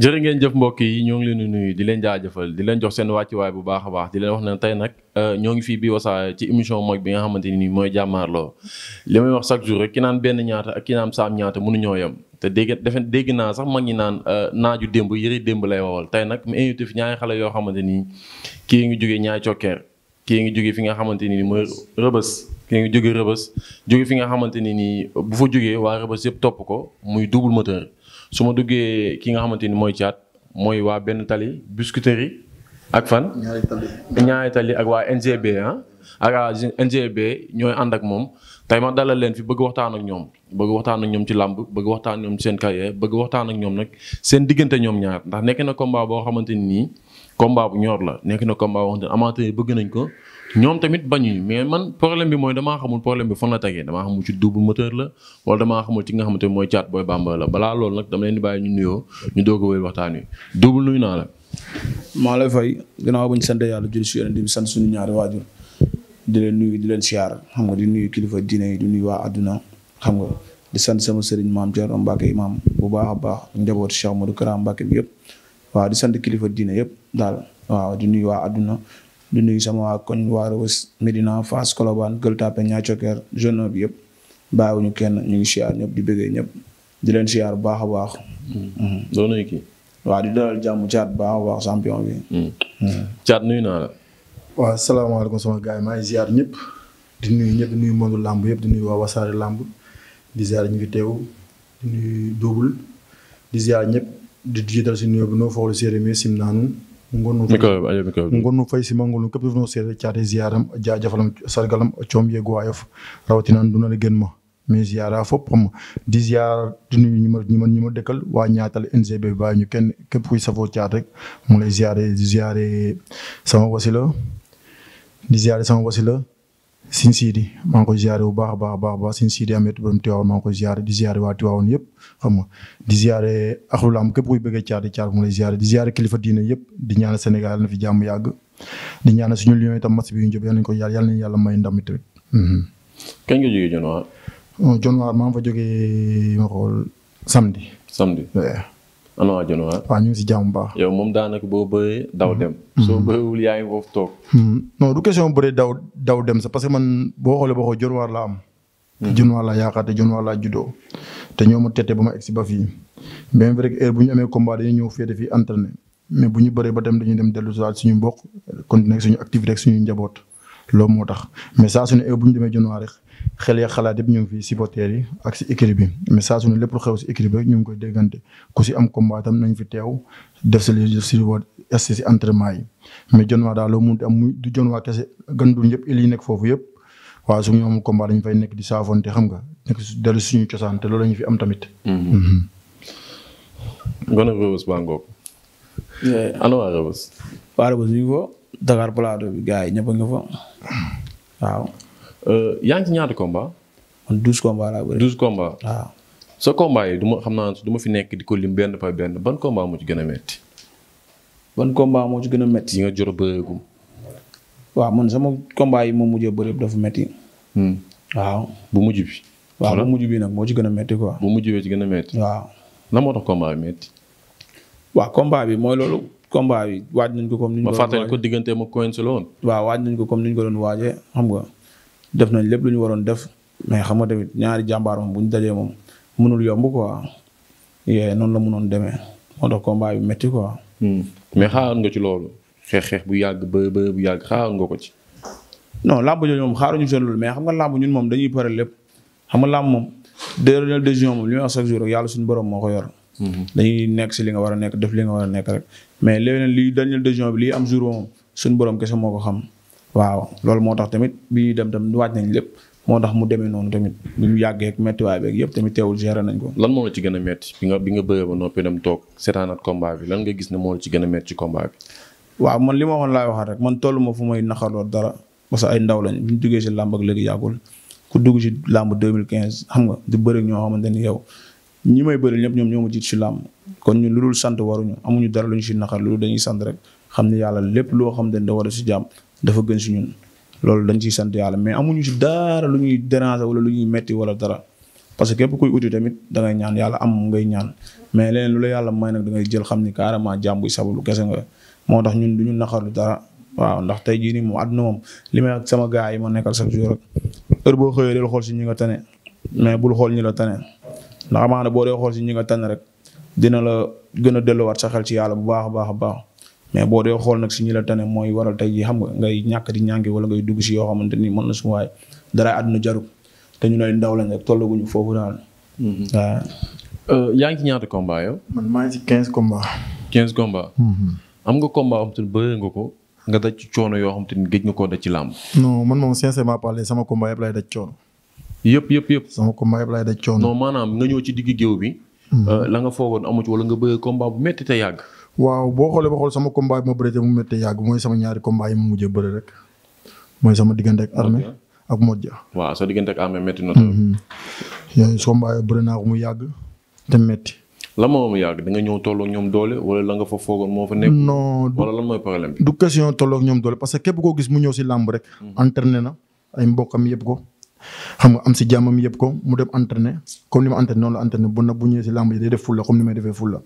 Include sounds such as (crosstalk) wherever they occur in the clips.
jërë ngeen jëf mbokk yi ñoo ngi leen di nuyu di leen jaajëfal di leen jox seen wàccuwaay bu baax a baax di leen wax ne tey nag euh, ñoo ngi fi bi Wassare ci émission mag bi nga xamante ni mooy jàmmaarloo li may wax chaque jour rek ki naan benn ñaata ak ki naan saam ñaata mënuñoo yem te dégg defe dégg naa sax mag ñi naan euh, naaju démb yëre démb lay wawal tey nag mu invité fi ñaari xale yoo xamante ni kii ngi jógee ñaari cokkeer kii ngi jógee fi nga xamante ni mooy rëbës kii ngi jógee rëbës jógee fi nga xamante ni bu fa jógee waa rëbës yëpp topp ko muy double moteur su ma duggee ki nga xamante ni mooy caat mooy waa benn tali biscuiterie ak fan. ñaari tali tali ak waa NGB ah. ak waa NGB ñooy ànd ak moom tey ma dalal leen fi bëgg waxtaan ak ñoom bëgg waxtaan ak ñoom ci làmb bëgg waxtaan ak ñoom seen carrière bëgg waxtaan ak ñoom nag seen diggante ñoom ñaar ndax nekk na komba boo xamante ni nii combat bu ñor la nekk na combat boo xamante ni amateur yi bëgg nañ ko. ñoom tamit bañuñu mais man problème bi mooy damaa xamul problème bi fan la tegee damaa xamul ci double moteur la wala damaa xamul ci nga xamante mooy caat booy bàmba la balaa loolu nag dama leen di bàyyi ñu nuyoo ñu doog a wéy waxtaan wi double lay fay ginnaaw bu ñu sant yàlla julli si yonent bi sant suñu ñaari waajur di leen nuyu di leen siyaar xam di nuyu kilifa diine yi di nuyu waa àdduna xam nga di sant sama sëriñ maam Thierno Mbacke imaam bu baax a baax njaboot Cheikh Modou Kara Mbacke bi yëpp waaw di sant kilifa diina yëpp daal waaw di nuyu waa àdduna du nuyu sama waa koñ waa Rebeuss fas Fass Colobane Gueule Tapée Niayes Thioker jeune bi yëpp bàyyiwuñu kenn ñu ngi siyaar ñëpp di bëggee ñëpp di leen siyaar bu baax a baax. Hmm. doo nuyu kii. di dalal jàmm caat baax a baax champion bi. caat hmm. hmm. nuyu naa la. waaw salaamaaleykum sama gars yi maa ngi ziar ñëpp di nuyu ñëpp làmb yëpp di nuyu waa wasaare làmb di ziar ñu ngi teew di nuyu Double di ziar ñëpp di jiital si nuyoo bi noo foog séeréer mi naanu ngonu ngonu fay sima ngonu képp def noo seede caate ziyaaram jaajafalam sargalam coom yeegu waayof rawatinaan duna la gën ma mais ziyaara fopp xam di ziyaar di nuyu ñi ma ñi ma ñi dëkkal waa ñaatal NGB bi ñu kenn képp kuy safoo caat rek mu lay ziyaare di ziyaare sama wasila di ziyaare sama wasila Sëñ Sidi maa ngi koy ziare bu baax a baax a baax Sëñ Sidi Amet borom Tiwaawan maa ngi koy ziare di ziare yëpp xam nga di ziare axlu laam képp kuy bëggee caar di caar mu lay ziare di ziare kilifa diine yëpp di ñaanal Sénégal na fi jàmm yàgg di ñaanal suñu lion tam match bi ñu jëm yal nañu ko yàlla yal nañu yàlla may ndam tamit. Mhm. kañ nga jógee Dionewar. Dionewar oh, maa ngi fa jógee ma xool samedi. samedi waaw. ana waa Jono ñu ngi si jàmm bu baax. yow moom daanaka boo bëree daw dem. Mhm. soo bëreewul yaa ngi foofu toog. Hmm. non du question bëree daw daw dem sax parce que man boo xoolee boo xoolee Dionewar laa am. Dionewar mhm. laa yaakaar te Dionewar laa juddoo te ñoo ma tete ba ma egg si ba fii bien vrai que heure bu ñu amee combat dañuy ñëw féete fii entraîné mais bu ñu bëree ba dem dañuy dem dellu si suñu mbokk continuer suñu activité suñu njaboot loolu moo tax mais saa su ne bu ñu demee Dionewar rek. xel ya xalaat yëpp ñu ngi fi supporters yi ak si équipe bi mais saa su ne lépp lu xew si équipe bi ñu ngi koy déggante ku si am combat tam nañ fi teew def sa li si si entraînement yi mais jon waa daal loo mun am muy du jon waa kese gandul ñëpp il yi nekk foofu yëpp waaw su ñu amul combat dañu fay nekk di saafonte xam nga nekk dellu suñu cosaan te loolu la ñu fi am tamit. Mm-hmm. Mm-hmm. gone Rebeuss baa ngoog. ana waa Rebeuss. waa Rebeuss ñu ngi ko Dakar Plateau bi gars yi ñëpp a ngi fa waaw. Euh, yaa ngi ci ñaata combat. man douze combat laa bëri. douze combat sa combat yi du ma xam naa du ma fi nekk di ko lim benn par benn ban combat moo ci gën a metti ban combat moo ci gën a metti yi nga man sama combat yi moom mujjee bëri dafa metti hmm. waaw bu mujj bi. waaw bu mujj bi nag moo ci gën a metti quoi. bu mujj bi ci gën a metti waaw na moo tax combat bi metti waaw combat bi mooy loolu. combat bi waaj nañ ko comme ni ma fàttali ko diggante ma coince la waaw waaj nañ ko comme ni ñu ko doon waajee xam nga. def nañ lépp lu ñu waroon def mais xam nga tamit ñaari jàmbaar moom bu ñu dajee moom mënul yomb quoi yee noonu la mënoon demee moo tax combat bi métti quoi. Hmm. mais xaaroon nga ci loolu xeex xeex bu yàgg ba ba bu yàgg xaaroon nga ko ci. non làmb jooju moom ñu seen loolu mais xam nga làmb ñun moom dañuy pare lépp xam nga làmb moom dernière décision moom li ñu wax chaque jour rek yàlla suñu borom moo ko yor. Hmm. dañuy nekk si li nga war a nekk def li nga war a nekk rek mais léeg-léeg lii dernière décision bi lii am jour suñu borom kese moo ko xam. waaw loolu moo tax tamit bi ñuy dem tamit waaj nañ lépp moo tax mu demee noonu tamit bi mu yàggee ak méttiwaay yëpp tamit teewul gérer nañ ko. lan moo la ci gën a métti bi nga bi nga bëree ba noppi dem toog seetaanaat combat bi lan nga gis ne moo la ci gën a métti ci combat bi. waaw man li ma waxoon laay waxaat rek man tolluma fu may naxaroo dara parce que ay ndaw lañ bi duggee si làmb ak léegi yàggul ku dugg si làmb 2015 xam nga di bëri ñoo xamante ni yow ñi may bëri ñëpp ñoom ñoo ma jiit si làmb kon lu dul sant waruñu amuñu dara lu ñu si naxar dañuy sant rek xam ni yàlla lépp loo xam ne da war a si jàmm dafa gën si ñun loolu dañ ciy sant yàlla mais amuñu si dara lu ñuy déranger wala lu ñuy metti wala dara parce que képp kuy uti tamit da ngay ñaan yàlla am ngay ñaan mais leen lu la yàlla may nag da ngay jël xam ni carrément jàmm buy sabalu kese nga moo tax ñun du ñu naqarlu dara waaw ndax tey jii nii moom àdduna moom li may sama gars yi ma nekkal chaque jour rek heure boo xëyee del xool si ñu nga tane mais bul xool ñu la tane ndax amaana boo dee xool si ñi nga tane rek dina la gën a delluwaat sa xel ci yàlla bu baax a baax a baax mais boo dee xool nag si ñi la tane mooy waral tey jii xam nga ngay ñàkk di ñàngi wala ngay dugg si yoo xamante ni mën na su waaye dara àdduna jaru te ñu lay ndaw lañ rek tollaguñu foofu daal. Mhm. waaw. Euh, yaa ngi ci ñaata combat yow. man maa quinze combat. quinze combat. Mhm. am nga combat am te bëre nga ko nga daj ci coono yoo xam te ni géej nga koo daj ci làmb. non man moom sincèrement parler sama combat yëpp lay daj coono. yëpp yëpp yëpp. sama combat yëpp lay daj coono. non maanaam nga ñëw ci digg géew bi. Mhm. Euh, la nga foogoon amu ci wala nga bëgg combat bu métti yàgg. waaw boo xoolee ba xool sama combat bi ma bëreetee mu méttee yàgg mooy sama ñaari combat yi ma mujjee bëre rek mooy sama diggante ak armée ak Modja. waaw sa diggante ak armée métti na mhm. yooyu soo mbaayoo bëri naa ko mu yàgg te métti. la moo mu yàgg da nga ñëw tolloo ñoom doole wala la nga fa foogoon moo fa nekk. non wala lan mooy problème bi. du question tolloo ñoom doole parce que képp koo gis mu ñëw si làmb rek. Mhm. entraîné na ay mbokkam yëpp ko. xam nga am si jàmmam yëpp ko mu dem entraîner comme ni ma entraîner noonu la entraîner bu nag bu ñëwee si làmb ji day def fulla comme ni may defee fulla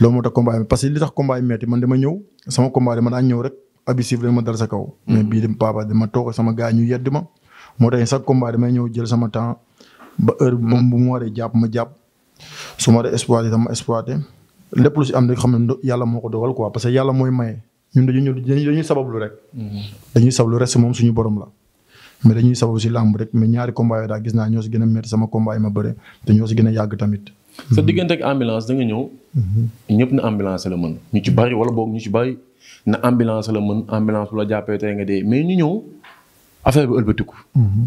loolu moo tax combat yi que li tax combat yi metti man dama ñëw sama combat daa ñëw rek abusif la ma dal sa kaw. Hmm. mais bii dem papa sama gars ma moo tax chaque combat damay ñëw jël sama temps ba heure bu mu waree jàpp ma jàpp su ma waree exploité dama exploité lépp lu si am rek xam ne yàlla moo ko dogal quoi parce que yàlla mooy maye ñun dañuy ñëw hmm. dañuy sabablu rek. dañuy sabablu rek moom suñu borom la. mais dañuy sababu si làmb rek mais ñaari combat daal gis naa ñoo si gën a métti sama combat yi ma bëre te ñoo si gën a yàgg tamit. sa diggante ak ambulance da nga ñëw. Mhm. ñëpp na ambulance la mën ñu ci bari wala boog ñu ci bari na ambulance la mën ambulance jàppee tey nga dee mais ñu ñëw affaire bi ëlbatiku. Mhm.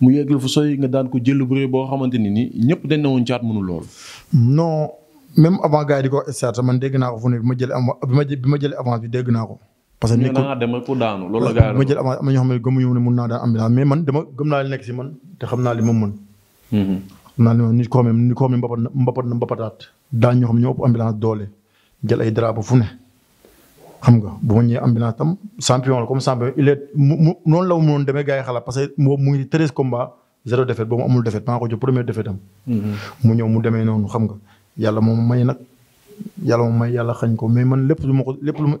mu yegg la fu sooy nga daan ko jël bu rëy boo xamante ni nii ñëpp dañ ne woon caat mënu lool. non même avant gars yi di ko wax man dégg naa ko fu ne bi ma jëlee bi ma jëlee avance bi dégg naa ko. parce que nit ko dem pour daanu loolu la gars ma jël am na xam ne gëmuñu ne mun naa daan ambulance mais man dama gëm naa li nekk si man te xam naa li ma mën. Mm-hmm. xam naa li ma nit ko ëpp ambulance doole jël ay drapeau fu ne. xam nga bu ma ñëwee ambulance tam champion la comme champion il mu mu noonu la mu mënoon demee gars yi xalaat parce que moom mu ngi treize combat zéro défaite boobu amul défaite maa ko jox première défaite mm-hmm. mu ñëw mu demee noonu xam nga yàlla moom may nag yàlla ma may yàlla xañ ko mais man lépp lu ma ko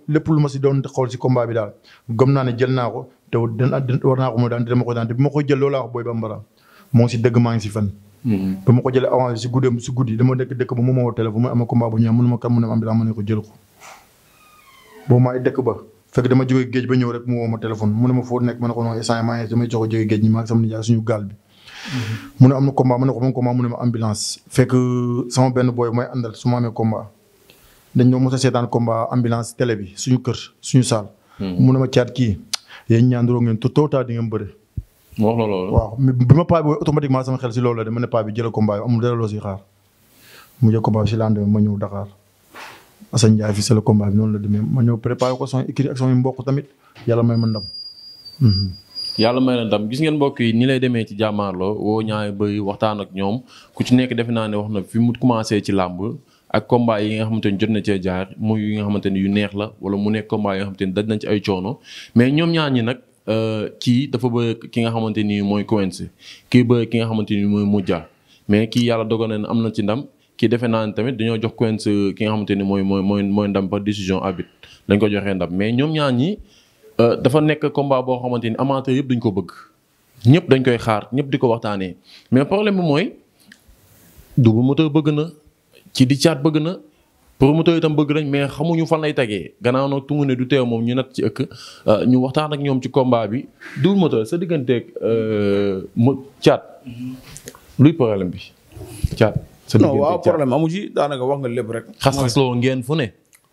lépp lu ma si doon xool si combat bi daal gëm naa ne jël naa ko te war naa ko mu daan ma ko jël loolu laa wax Boy Bambara moo ngi si dëgg ngi si fen mm-hmm. ba ko jëlee avancé si guddeem si guddi dama dëkk dëkk ba mu ne am ko jël ko boobu maay dëkk ba fekk dama jógee géej ba ñëw rek mu ma téléphone mu ne ma foo nekk ma ne ko non instant maa ngi damay jox jógee géej ñi maa ngi mm-hmm. na combat ma ne ko moom combat mu ne ma ambulance fekk sama benn booy mooy àndal su ma amee combat dañ ñoo mos a seetaan combat ambulance télé bi suñu kër suñu saal. Hmm. mu ne ma caat kii yéen ñaanduroo ngeen tôt tard di ngeen bëre. mu wax la loolu waaw bi ma paa bi automatiquement sama xel si loolu la dama ne paa bi jëla combat yi amul dara loo si mu jël combat bi ma ñëw Dakar Assane Ndiaye fii si la combat bi noonu la demee ma ñëw préparé ko son écrit ak son mbokk tamit yàlla may ma ndam. Hmm. yàlla may na ndam gis ngeen mbokk yi ni lay demee ci jàmmaarloo woo ñaari bëri waxtaan ak ñoom ku ci nekk defe naa ne wax na fi mu commencé ci làmb ak combat yi nga xamante ni jot na cee jaar muy yi nga xamante ni yu neex la wala mu ne combat yoo xamante ni daj ci ay coono mais ñoom ñaan ñi nag euh, kii dafa bëre ki nga xamante ni mooy Quench kii bëre ki nga xamante ni mooy Modja mais kii yàlla na ne am na ci ndam kii defe naa ne tamit dañoo jox Quench ki nga xamante ni mooy mooy mooy mooy ndam par décision arbitre dañ ko joxee ndam mais ñoom ñaar ñi euh, dafa nekk combat boo xamante ni amateur yëpp dañ ko bëgg ñëpp dañ koy xaar ñëpp di ko waxtaanee mais problème bi mooy Double Moteur bëgg na. ci di caat bëgg na moto yi tam bëgg nañ mais xamuñu fan lay tegee gannaaw nag tungu ne du teew moom ñu natt ci ëkk euh, ñu waxtaan ak ñoom ci kombaa bi Double moto sa digganteeg euh, mu caat luy problème bi caat. sa digganteeg non waaw amu ci wax nga lépp rek. xas-xas loo ngeen fu ne.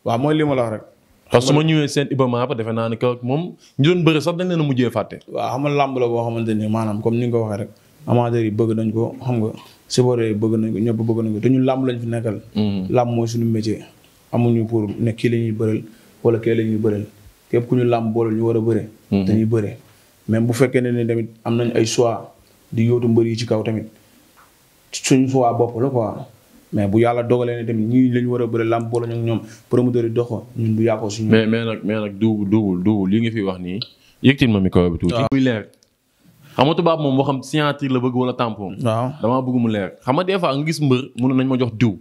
waaw mooy li ma la wax rek. parce su ma ñëwee seen Ibama ba defe naa ne que moom ñu doon bëri sax dañ leen a mujjee fàtte. waa xam nga làmb la boo xamante ni maanaam comme ni nga ko waxee rek amateur yi bëgg nañ ko xam nga. supporter yi bëgg nañ ko bëgg nañ ko te ñun làmb lañ fi nekkal. Mm-hmm. làmb mooy suñu métier. amuñu pour ne kii la ñuy bëreel wala kii la ñuy bëreel képp ku ñu làmb boole ñu war a bëre. Mm-hmm. dañuy bëre même bu fekkee ne ni tamit am nañ ay choix di yóotu mbër yi ci kaw tamit suñu choix bopp la quoi. mais bu yàlla dogalee ne tamit ñii lañu war a bëri làmb boole ñoom ñoom promoteur yi doxoo ñun bu yàqoo suñu. mais mais nag mais nag duubu duubu duubu li nga fi wax nii yëkkatil ma micro bi tuuti. Ah. muy leer xam nga tubaab moom waxam signature la bëgg wala tampon. waaw damaa bëgg mu leer xam nga des fois nga gis mbër mun nañ ma jox diw.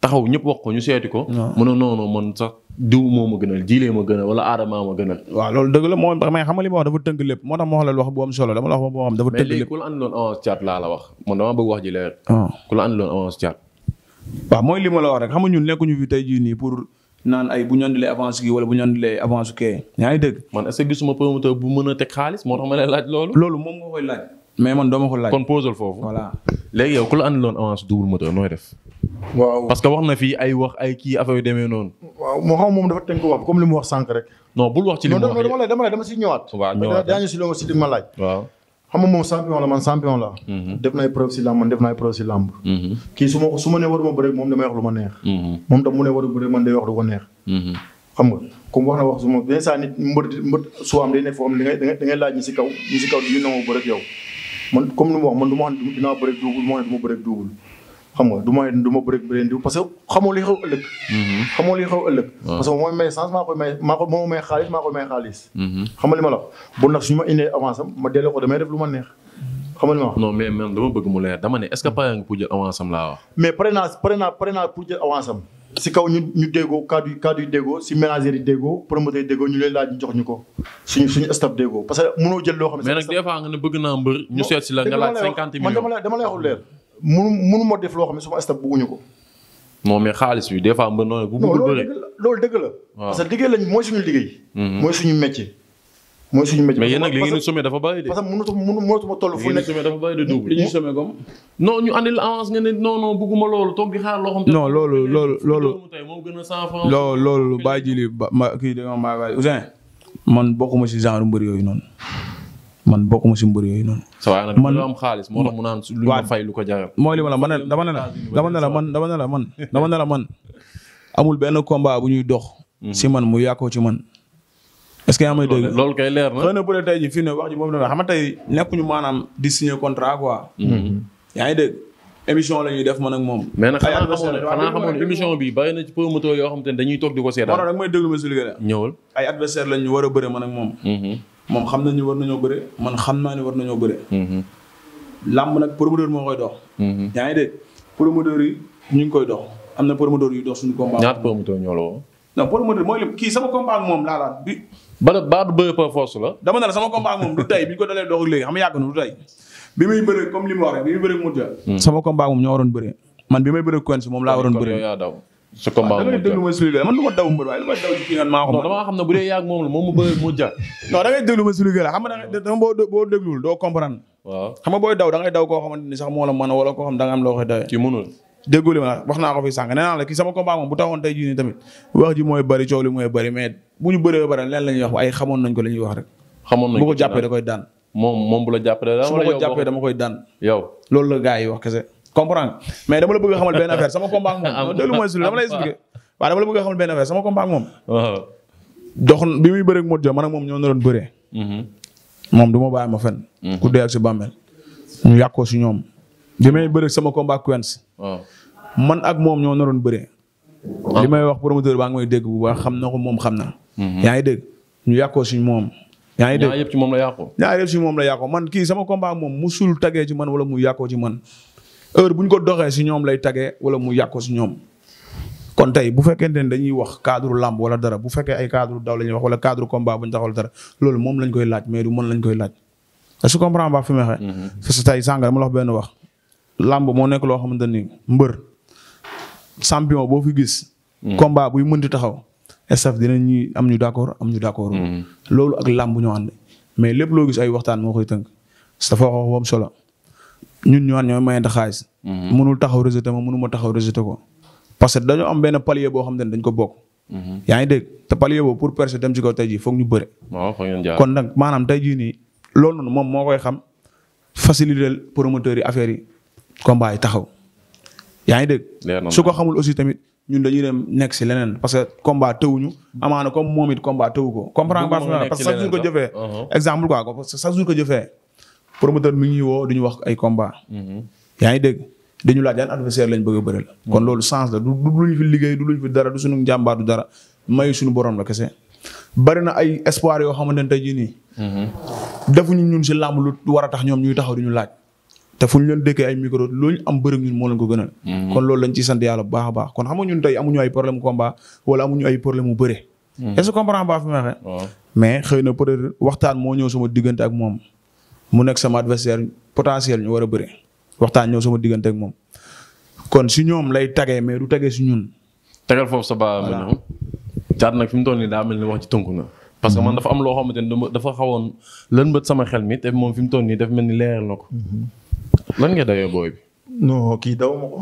taxaw ñëpp wax ko ñu seeti ko. mu ne noonu man sax diw moo ma gënal jiilee ma gënal wala aadama ma gënal. waaw loolu dëgg la moom may xam nga wax dafa tënk lépp moo tax ma wax la wax bu am solo dama la wax boo xam dafa. tënk lépp mais léegi ku la andiloon avance caat laa la wax man damaa bëgg wax ji ah. ku la andiloon avance caat. naan ay bu ñu andilee avance gi wala bu ñu andilee avance kee yaa ngi dégg. man est-ce que gisuma promoteur bu mën a teg xaalis moo tax ma lay laaj loolu. loolu moom nga koy laaj. mais man doo ma ko laaj. kon posal parce que wax na fii ay wax ay kii affaire yu demee noonu. waaw moo xam moom dafa tënk wax comme li mu wax sànq rek. non bul wax ci li mu wax dama lay dama si ñëwaat. waaw ñëwaat daañu si loo ma laaj. waaw xam nga moom champion la man champion la mhm. def naay mhm. ma su ma ne waruma moom damay wax lu mhm. moom tam mu ne waru bëre wax lu nga comme wax na wax su ma benn saa nit mbër mbër soo am day nekk foo xam ne da ngay laaj ñi si kaw ñi si kaw di ñu nangu bëre man comme nu wax man du ma ne dinaa bëre duubul du ma ne du ma bëre xam nga du ma du ma bëri bëri diw parce que xamoo li xew ëllëg. Mhm. xamoo li xew ëllëg. parce que mooy may chance maa koy may may xaalis maa koy may xaalis. Mhm. xam nga la bon nag suñu ma indee ma ko lu ma neex. xam nga li ma wax non mais man dama bëgg mu leer dama ne est ce que pare nga pour jël avance laa wax. mais pare naa pare naa pour jël avance si kaw ñu ñu déggoo cadre yi déggoo si ménagère yi déggoo promoteur yi déggoo ñu leen laaj ñu jox ñu ko su suñu staff déggoo parce que mënoo jël loo xam ne. mais nag des fois nga ne bëgg naa munu munu ma def loo xam ne suma staff bëgguñu ko. moom mais xaalis bi des fois mën na bu bëgg bëre loolu dëgg la parce que liggéey lañ mooy suñu liggéey. Mhm. mooy suñu métier. mooy suñu métier mais yéen nag li ngeen di sommé dafa bàyyi de. parce que mënatu mënatu ma toll fu nekk li dafa bàyyi de double li ñuy sommé comme. non ñu andil loolu nga ne non non bëgguma loolu toog di xaar loo xam. non loolu loolu loolu. loolu loolu bàyyi ba ma kii da nga man bokkuma si genre mbër yooyu noonu. man bokkuma si mbër yooyu noonu. man am xaalis moo tax mu naan lu ma fay lu ko jaral. mooy li ma la man dama ne la dama ne la man dama ne la man dama ne la man amul benn combat bu ñuy dox. si man mu yàqoo ci man. est-ce que yaa may dégg loolu kay leer na xëy na bu dee tey jii fii ne wax ji moom la xam nga tey nekkuñu maanaam di signer contrat quoi. yaa ngi dégg émission la ñuy def man ak moom. mais nag xanaa xamoon émission bi bari na ci promoteur yoo xam te ne dañuy toog di ko seetaan. moo tax nag may déglu ma si liggéey ñëwal ay adversaire lañ ñu war a bëre man ak moom mhm. moom xam nañ ni war nañoo bëre man xam naa ni war nañoo bëre. Mm-hmm. làmb nag promoteur moo koy dox. Mm-hmm. yaa ngi dégg promoteur yi ñu ngi koy dox am na promoteur yu dox suñu combat. ñaata promoteur ñoo la woo. non promoteur mooy kii sama combat ak moom laa la bi. bala baatu bëre par force la. dama ne la sama combat ak moom du tey bi ñu ko dalee dox ak léegi xam yàgg na du tey bi muy bëre comme li wax rek bi muy bëre mu ja. Mm. sama combat ak moom ñoo waroon bëre man bi may bëre Quench moom laa waroon daw su combat da ngay déglu ma expliqué man lu ma xam ne bu dee yàgg moom la moom mu bëri mu ja da ngay déglu xam nga ni sax moo la ma wax naa ko fi sànq bu taxoon tey jii tamit wax ji mooy bëri coow li mooy bëri mais bu ñu bëree bëri leen la ñuy wax ay xamoon nañ ko la ñuy wax rek xamoon nañ bu ko jàppee da koy daan moom moom bu la jàppee da koy daan yow loolu la gars yi wax kese comprendre mais dama la bëgg a xamal benn affaire sama combat ak moom. (laughs) déglu mooy sulu dama lay expliqué. waaw dama la bëgg a xamal benn affaire dox bi muy bëreeg Modou Dia man ak moom ñoo doon bëree. Mm-hmm. moom du ma bàyyi ma fen mm-hmm. ku si bàmmeel ñu yàqoo si ñoom. bi may bëreeg sama combat ak man ak moom ñoo doon bëree. Ah. li may wax promoteur ba ngi may dégg bu baax xam na ko moom xam na. Mm-hmm. yaa ngi dégg ñu yàqoo si moom. yaa ngi dégg ñaar yëpp ci moom la yàqoo. ñaar moom la yàqoo man kii sama combat moom mu suul tagee ci man wala mu yàqoo ci man heure bu ñu ko doxee si ñoom lay tagee wala mu yàq si ñoom kon tey bu fekkente ne dañuy wax cadre làmb wala dara bu fekkee ay cadre daw la ñuy wax wala cadre combat bu ñu dara loolu moom lañ koy laaj mais mën lañ koy laaj. su comprendre baax fi mu waxee. Mhm. tey sànga dama la wax làmb moo nekk loo xamante ni mbër champion boo fi gis. Mhm. combat buy mënti taxaw. staff dinañ ñuy am ñu d' accord am ñu d' accord. Mhm. loolu ak làmb ñoo ànd mais lépp loo gis ay waxtaan moo koy tënk dafa wax wax solo. ñun ñoo ñooy mayante xaalis. Mhm. mënul taxaw rejeté ma mënuma taxaw rejeté ko. parce que dañoo am benn palier boo xam ne dañ ko bokk. Mhm. yaa ngi dégg te palier boobu pour percer dem ci kaw tey jii foog ñu bëre. nag maanaam tey jii nii loolu noonu moom moo koy xam faciliter promoteurs yi affaires yi combat yi taxaw. yaa ngi dégg. su ko xamul aussi tamit ñun dañuy dem nekk si leneen parce que combat tëwuñu amaana comme moom it combat tëwu ko. comprendre parce que chaque jour ko jëfee. Uh-huh. exemple quoi parce chaque jour ko jëfee. promoteur mi woo du ñu wax ay mhm. yaa ngi dégg dañu laaj yan adversaire lañ bëgg a bëri mhm. loolu sens la du lu ñu fi liggéey du lu du suñu njàmbaar du dara mayu suñu borom la kese bari na ay espoir yoo xamante ne tey jii nii mhm. defuñu ñun si làmb lu war a tax ñoom ñuy taxaw duñu laaj te fu ñu leen dëkkee ay am bëri ñun moo leen ko gënal kon loolu lañ ci sant yàlla bu baax a baax kon xam nga ñun tey amuñu ay problème combat wala amuñu ay problème mu bëre est-ce que comprend baa mais xëy na peut waxtaan moo ñëw sama diggante ak moom mu nekk sama adversaire potentiel ñu war a bëre waxtaan ñëw sama diggante ak moom kon si ñoom lay tagee mais du tagee si ñun. tegal foofu sa baa ma ñëw caat nag fi nii daa mel ni wax ci tënku na. parce que man mhm. dafa am loo xamante ni dafa xawoon lan bët sama xel mi te moom fi mu toll nii daf mel ni leeral na ko. Mhm. lan nga dayoo booy bi. non kii daw ma ko.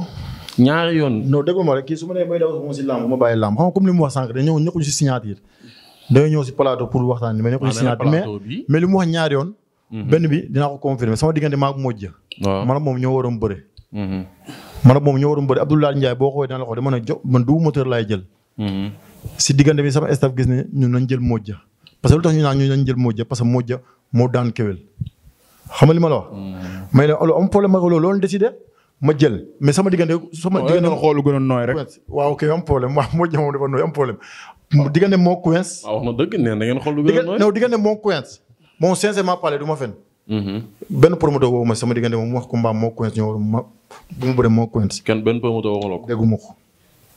ñaari yoon. non déglu ma rek kii su ma nee may daw moom si làmb ma bàyyi làmb xam nga comme li mu wax sànq dañoo ñëw ñëkkuñu si signature. dañoo ñëw si plateau pour waxtaan mais ñëkkuñu ah, ñaari yoon. Mhm. benn bi dinaa ko confirmer sama diggante maa ngi mujj. waaw man ak moom ñoo waroon bëre. Mhm. man ak moom ñoo waroon bëre Abdoulaye Ndiaye boo xoolee dina la ko dama ne jo du moteur laay jël. Mhm. si diggante bi sama staff gis ne ñun nañ jël mujj parce que lu tax ñu naan ñun nañ jël mujj parce que mujj moo daan kewel xam nga li ma la wax. may la am problème ak loolu loolu décidé ma jël mais sama diggante. sama diggante waaw xool gën a nooy rek. waaw ok am problème waaw mujj moom dafa nooy am problème. diggante moo moo coince. bon sincèrement parler du ma fen mhm. benn promoteur woowu sama diggante moom wax ko mbaam moo coince ñoo ma bu ma bëree moo coince. kenn ma ko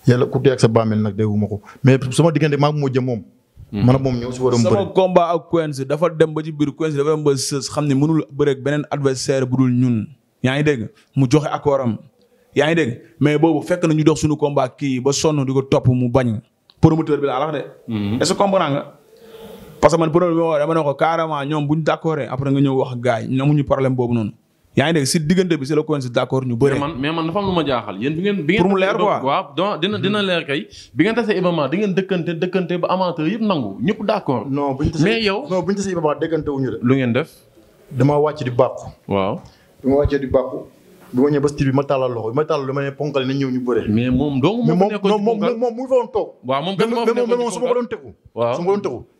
yàlla ku dee ak sa bàmmeel nag déggu ma ko mais sama diggante maa moo jëm moom. Mhm. man moom ñëw si waroon bëri. sama beneen adversaire bu dul ñun. yaa ngi dégg mu joxe accord am yaa ngi dégg mais boobu fekk na ñu dox suñu combat kii ba sonn di ko topp mu bañ. promoteur bi laa wax de. Mhm. est-ce parce que man problème bi dama ne ko carrément ñoom bu ñu d' accord après nga ñëw wax gars yi amuñu problème boobu noonu. yaa ngi dégg si diggante bi si la ko si d' accord ñu bëree. mais man mais man dafa am lu ma jaaxal yéen bi ngeen. bi ngeen pour mu leer quoi waaw donc dina dina leer kay. bi ngeen tasee Ibama di ngeen dëkkante dëkkante ba amateur yëpp nangu ñëpp d' accord. non bu ñu tasee mais yow. non bu ñu tasee Ibama dëkkante wuñu de. lu ngeen def. dama wàcc di bàkku. waaw dama wàcc di bàkku. bi ma ñëw ba style bi ma tàllal loxo bi ma tàllal dama ne ponkal na ñëw ñu bëre. mais moom dong moo nekkoon ci ponkal mais moom moom moom mu ngi fa doon toog. waaw moom kenn moo fi nekkoon ci ponkal mais moom su ma ko doon tegu. waaw su ma ko doon tegu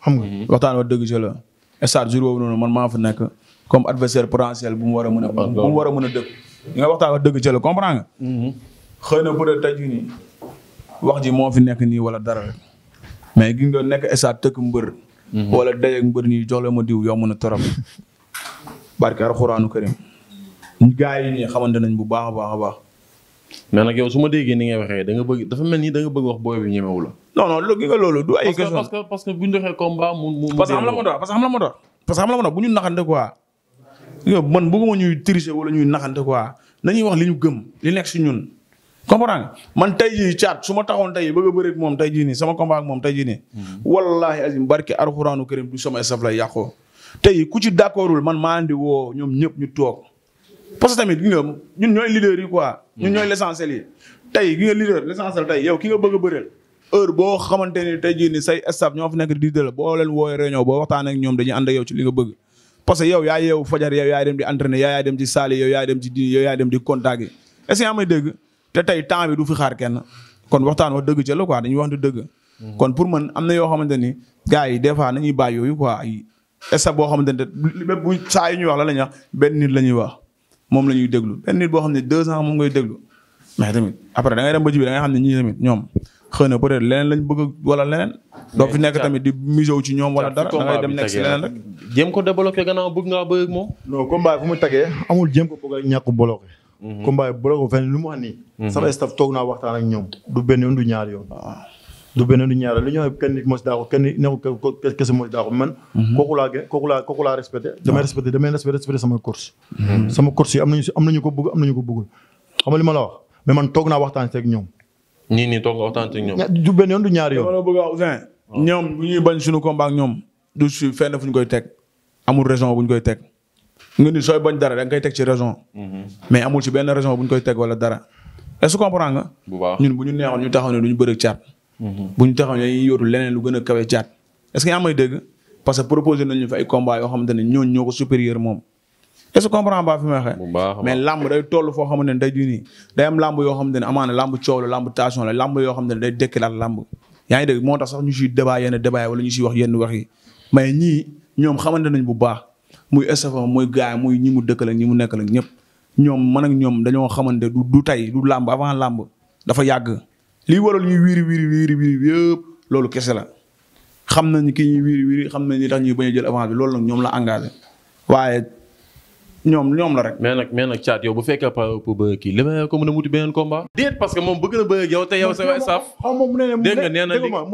xam nga mhm. waxtaan wa dëgg ci la stade jour boobu noonu man maa fa nekk comme adversaire potentiel bu mu war a mën a ah, bu war a mën a dëkk nga waxtaan wa dëgg ci la comprend nga mhm. xëy na peut-être tey wax ji moo fi nekk nii wala dara mais gi nga nekk stade tëkk mbër mhm. wala dajeeg mbër nii jox ma diw yomb na torop barke alxuraanu karim gaa yi nii xamante nañ bu baax a baax a baax mais nag yow ma déggee ni ngay waxee da nga bëgg dafa mel ni da nga bëgg wax booy ñemewu la non non loolu gi du ay question parce ñu doxee combat mu mu parce que xam la moo tax parce que xam la moo la moo tax bu ñu naxante quoi man bëgguma ñuy tricher wala ñuy naxante quoi nañuy wax li ñu gëm li nekk si ñun comprendre man tey jii caat su ma taxoon tey bëgg a bëri moom tey jii nii sama combat moom tey jii nii mm-hmm. wallahi azim barke alxuraanu karim du sama staff lay yàqoo tey ku ci d'accordul man maa andi woo ñoom ñëpp ñu toog parce que tamit gi nga ñun ñooy leader yi quoi ñun ñooy mm-hmm. l'essentiel yi tey gi nga leader l'essentiel tey yow ki nga bëgg a heure boo xamante ni tey jii ni say staff ñoo fa nekk di diidal boo leen woowee réunion boo waxtaan ak ñoom dañuy ànd ak yow ci li nga bëgg parce que yow yaa yeewu fajar yow yaay dem di entraîner yaay dem ci salle yow yaay dem di contact yi est-ce que tey temps bi du fi xaar kenn kon waxtaan wax dëgg ca la quoi dañuy wax dëgg mhm. kon pour man am na yoo xamante ni gars yi des fois nañuy bàyyi yooyu quoi ay staff boo xamante ne bépp bu saa ñuy wax la la ñuy benn nit la ñuy wax moom la ñuy déglu benn nit boo xam ne deux ans moom ngay déglu mais tamit après da ngay dem bi da ne ñii xëy na peut être leneen lañ bëgg wala leneen. doo fi nekk tamit di muséw ci ñoom wala dara da ngay dem nekk si leneen rek. jéem ko débloqué gannaaw bëgg ngaa bëgg moom. non combat fu mu amul jéem ko bëgg a ñàkk bloqué. Mhm. combat bloqué fenn lu mu wax nii. Mhm. sama staff naa waxtaan ak ñoom. du benn yoon du ñaari yoon. du benn du lu kenn kenn nekkul man. Mhm. kooku laa gën kooku laa kooku laa respecté. Ah. damay respecté damay respecté sama course. sama course am nañu si am nañu ko bëgg am nañu ko bëggul. xam li ma la wax mais man toog naa waxtaan seeg ñoom ñii nii toog nga waxtaan ci ñoom. du benn ñaari yoon. dama bëgg a wax ñoom bu ñuy bañ suñu combat ak ñoom du si fenn fu ñu koy teg amul raison bu ñu koy teg nga ni sooy bañ dara da nga koy teg ci raison. Mhm. mais amul si benn raison bu ñu koy teg wala dara. est-ce que nga. bu baax ñun bu ñu neexoon ñu taxaw ne du ñu bëreeg caat. Mhm. bu ñu taxaw ne dañuy leneen lu gën a kawe caat. est-ce que yaa may dégg parce que nañu fi ay combat yoo xamante ne ñooñu ñoo ko supérieur moom est-ce que comprendre baa fi may waxee mais lamb day toll foo xamante nii day am lamb yoo xamante ne amaana lamb coow la lamb tension la lamb yoo xamante ne day dëkkilaat lamb yaa ngi dégg moo tax sax ñu siy débat yenn débat wala ñu siy wax yenn wax yi mais ñii ñoom xamante nañ bu baax muy SFM muy gaay muy ñi mu dëkkale la mu nekk la ñëpp ñoom man ak ñoom dañoo xamante du du tey du làmb avant lamb dafa yàgg lii waral ñuy wiiri wiiri wiiri wiiri yëpp loolu kese la xam nañ ki ñuy wiiri xam nañ li tax ñuy bañ a jël avance loolu nag ñoom la engagé ñoom ñoom la rek. mais nag mais nag Thiat yow bu fekkee par rapport ba kii li ma ko mën a muti beneen combat. déet parce que moom bëgg na bëgg yow te yow sa waay saaf. xaw ma mu ne dégg nga nee na samay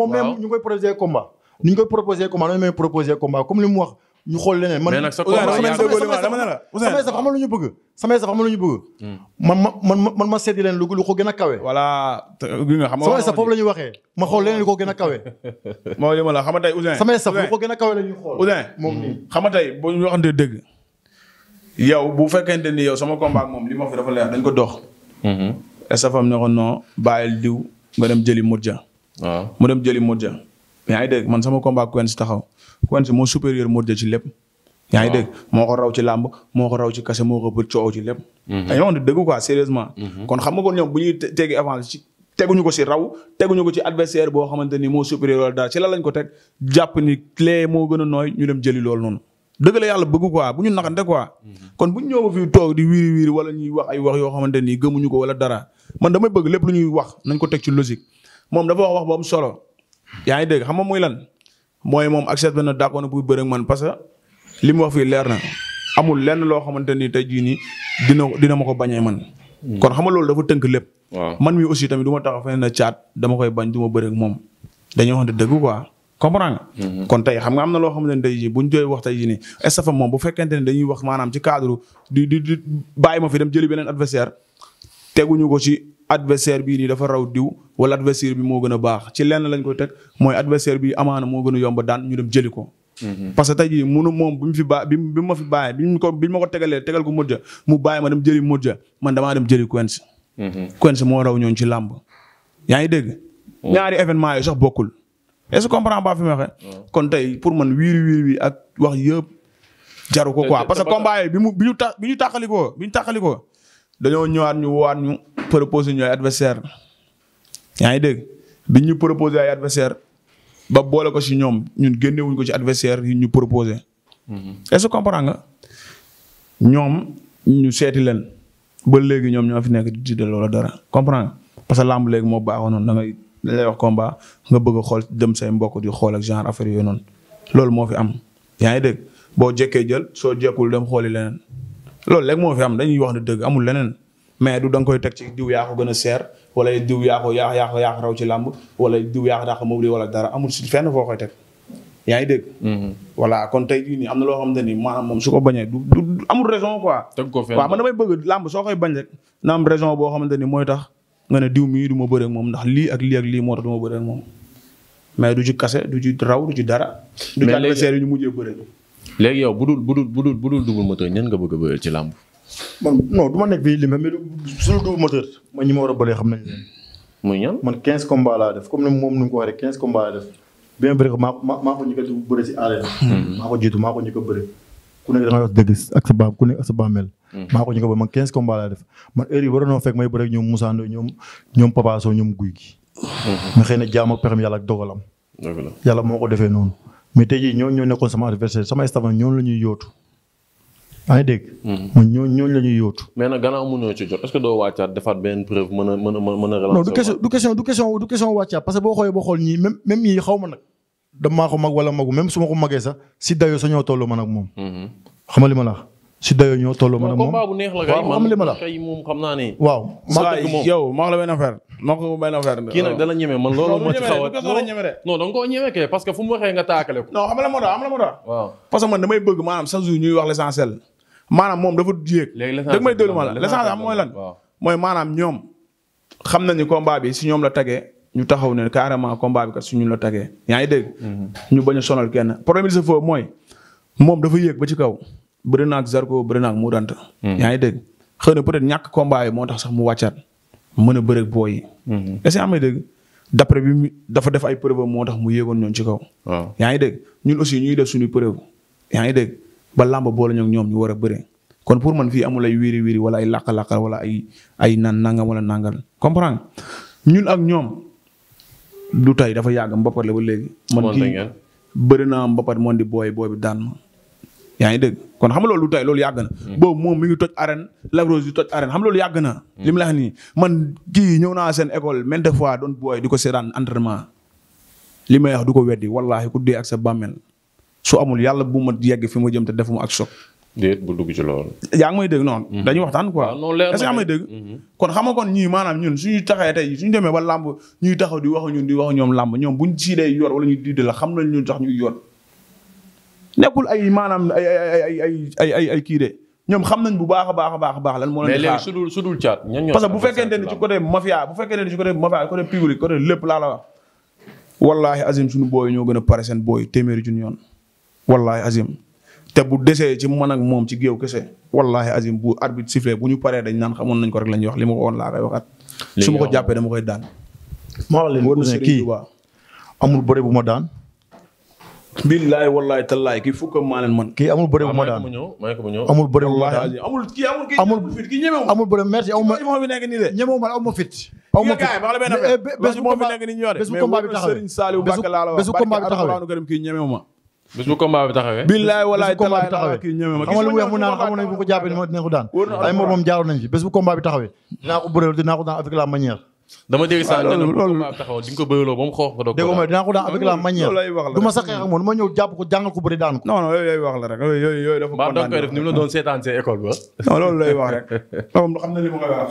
saf xam nga lu ñu bëgg. Hmm. man ma man ma man ma seeti leen lu ko gën a kawe. voilà gi samay saf la ñuy waxee ma xool lu ko gën a kawe. (laughs) moo li ma la xam nga xam nga dëgg yow bu fekkente ni yow sama kombaak moom li ma fi dafa leer dañ ko dox. SAFM mhm. ne ko non bàyyil diw nga dem jëli Modja. waaw mu dem jëli Modja. yaa ngi dégg man sama combat ak taxaw Quench moo supérieur Modja ci lépp. yaa ngi dégg moo ko raw ci làmb moo ko raw ci kase moo ko bëgg coow ci lépp. Mhm. dañoo wax dëgg quoi sérieusement. Mhm. kon xam nga kon ñoom bu ñuy tegi avance ci teguñu ko si raw teguñu ko ci adversaire boo xamante ni moo supérieur wala daal ci lan lañ ko teg jàpp ni clé moo gën a nooy ñu dem jëli loolu noonu. dëgg la yàlla bëgg quoi bu ñu naxante quoi. kon bu ñu ñëw ba fii toog di wiiri wiiri wala ñuy wax ay wax yoo xamante ni gëmuñu ko wala dara man damay bëgg lépp lu ñuy wax nañ ko teg ci logique. moom dafa wax wax ba solo yaa ngi dégg xam nga muy lan mooy moom accès benn dàqoon na buy bëre man parce que li mu wax fii leer na amul lenn loo xamante ni tey jii nii dina dina ma ko bañee man. Hmm. kon xam nga loolu dafa tënk lépp. man mi aussi tamit du ma taxaw feneen na caat dama koy bañ du ma bëre moom dañoo waxante dëgg quoi. comprends nga. Mm-hmm. kon tey xam nga am na loo xamante ne tay jii buñ jooy wax tey jii nii estafa moom bu fekkente ne dañuy wax maanaam ci cadre di di di bàyyi ma fi dem jëli beneen adversaire teguñu ko ci adversaire bii nii dafa raw diw wala adversaire bi moo gën a baax ci lenn lañ ko teg mooy adversaire bi amaana moo gën a yomb daan ñu dem jëli ko. Mm-hmm. parce que tey jii munu moom bi mu fi ba bi bi ma fi bàyyi bi mu ko bi ma ko tegalee tegal ko Modja mu bàyyi ma dem jëli Modja man damaa dem jëli Quench. Mm-hmm. Quench moo raw ñooñu ci làmb. yaa ngi dégg. Oh. ñaari événement yi sax bokkul. est ce que comprend baa fi mu waxee. kon tey pour man wiiri wiiri wi ak wax yëpp jaru ko quoi parce que combat bi mu bi ñu ta bi ñu tàqalikoo bi ñu tàqalikoo dañoo ñëwaat ñu woowaat ñu proposé ñu ay yaa ngi dégg bi proposé ay ba boole ko si ñoom ñun génnewuñ ko ci adversaire yi ñu proposé. Mm-hmm. est ce comprend ñoom ñu seeti leen ba léegi ñoom ñoo fi nekk di loolu dara comprend parce que làmb léegi moo baaxoo noonu da li lay wax combat nga bëgg a xool dem say mbokk di xool ak genre affaire yooyu noonu loolu moo fi am yaa ngi dégg boo jekkee jël soo jekkul dem xooli leneen loolu léegi moo fi am dañuy wax ne dëgg amul leneen mais du da nga koy teg ci diw yaa ko gën a seer wala diw yaa ko yaa yaa ko yaa ko raw ci làmb wala diw yaa ko daa ko wala dara amul si fenn foo koy teg yaa ngi dégg. Mm-hmm. voilà kon tey jii nii am na loo xamante ni maanaam moom su ko bañee du du amul raison quoi. teg làmb soo koy bañ rek na am raison boo xamante ni mooy tax. nga ne diw mii du ma bëre moom ndax lii ak lii ak lii moo tax du ma bëre ak moom mais du ci kase du ci raw du ci dara. du ci adversaire yi ñu mujjee bëre. léegi yow budul budul budul budul double moteur ñan nga bëgg a ci làmb. man du ma nekk fii limbe mais suñu double ma ñi ma war a bëree xam nañ leen. muy ñan man 15 combats laa def comme ni moom nu mu ko waxee 15 combats laa def. bien vrai ko njëkk a bëre ci aaree. Hmm. maa ko jiitu maa ko njëkk a bëre. ku nekk da nga wax dëgg ak sa baam Mm-hmm. maa ko ñu ko ba man 15 combats laa def man heure yi fekk may bëre ak ñoom Moussa Ndoye ñoom ñoom Papa Sow ñoom Guy gi. Mm-hmm. mais xëy jaam ak pexem yàlla ak dogalam. yàlla moo ko defee noonu. mais tey jii ñooñu ñoo nekkoon sama adversaire sama staff mm-hmm. ñooñu la ñuy yóotu. maa ngi dégg. ñooñu ñooñu la ñuy yóotu. defaat benn preuve mën a mën a mën a. non du question du question du question du question wàccaat parce que boo xoolee boo ma nag. damaa ko mag wala magu même su ma ko magee sax si dayoo sa ñoo toll man moom. xam nga li ma la si dayoo ñoo tolloo mën a neex la kay ma xam naa ne waaw maa ngi la benn affaire maa kii nag dala ñeme man loolu moo ci a non danga koo ñeme kay parce que fu mu waxee nga taakale moom dafa yéeg dag may maanaam ñoom xam nañu combat bi si ñoom la tagee ñu taxaw ne carrément combat bi kat su ñun la tagee yaa ngi dégg mhm. ñu bañ a sonal kenn problème bi sa foofu mooy moom dafa yéeg ba ci kaw bëri na ak Zarko bëri na ak Modou Anta. Hmm. yaa ngi dégg xëy na peut être ñàkk combat moo tax sax mu wàccaat mën a bëre ak booy yi. Hmm. est dégg d' bi mu dafa def ay preuve moo tax mu yéegoon ñoom ci kaw. waaw yaa ngi dégg ñun aussi ñuy def suñuy preuve yaa ngi dégg ba làmb boole ñoom ñoom ñu war a bëre. kon pour man fii amul ay wiiri wiiri wala ay làq-làqal wala ay ay nan nangam wala nangal comprendre ñun ak ñoom du tey dafa yàgg mbapat la ba léegi. man kii bëri naa mbapat moom di booy boo bi daan yaa ngi dégg kon xam nga loolu tey loolu yàgg na. Hmm. boobu moom mi ngi toj arène Lac toj arène xam loolu yàgg na. Hmm. li mu nii man kii ñëw naa seen école maintes fois doon booy di ko seetaan entraînement li may wax du ko weddi wallaahi ku dee ak sa bàmmeel su amul yàlla bu ma yegg fi ma jëm te defuma ak choc. déet dugg ci loolu. yaa ngi may dégg noonu. Hmm. dañuy waxtaan quoi. Ah, est-ce que kon xam nga kon ñii maanaam ñun suñu taxee tey suñu demee ba làmb ñuy taxaw di wax ñun di wax ñoom làmb ñoom bu ci dee yor wala ñu di la xam nañ ñun tax ñuy yor nekkul ay maanaam ay ay ay ay ay kii de ñoom xam nañ bu baax a baax a baax baax lan moo leen. mais léegi su dul su dul caat parce que bu fekkente ni ci côté mafia bu fekkente ni ci côté mafia côté public côté lépp laa la wax. wallaahi Azim suñu booy ñoo gën a pare seen booy téeméeri junni yoon wallaahi Azim te bu desee ci man ak moom ci géew kese wallaahi Azim bu arbitre sifflé bu ñu paree dañ naan xamoon nañ ko rek la ñuy wax li ma ko woon laa koy waxaat. su ma ko jàppee dama koy daan. maa leen amul bëre bu ma daan. billaay wallaay tallaay kii fukk maa leen man. kii amul bëriwul daan amul bëriwul daan amul kii amul amul fit kii ñemewu. bu combat bi taxawee bés bu kii ñemewu ma. lu mu wax naan xam nañ bu ko jàppee dina ay moroom jaaroon nañ fi bés bu combat bi taxawee. dinaa ko la manière dama dégg saa ah, loolu loolu taxaw di ko bëyloo ba mu xoox nga doog dégg ma dinaa ko daan avec jàpp ko jàngal ko bëri daan la rek yooyu yooyu dafa baax da nga la doon seetaan seen ba (laughs) xam na li mu koy wax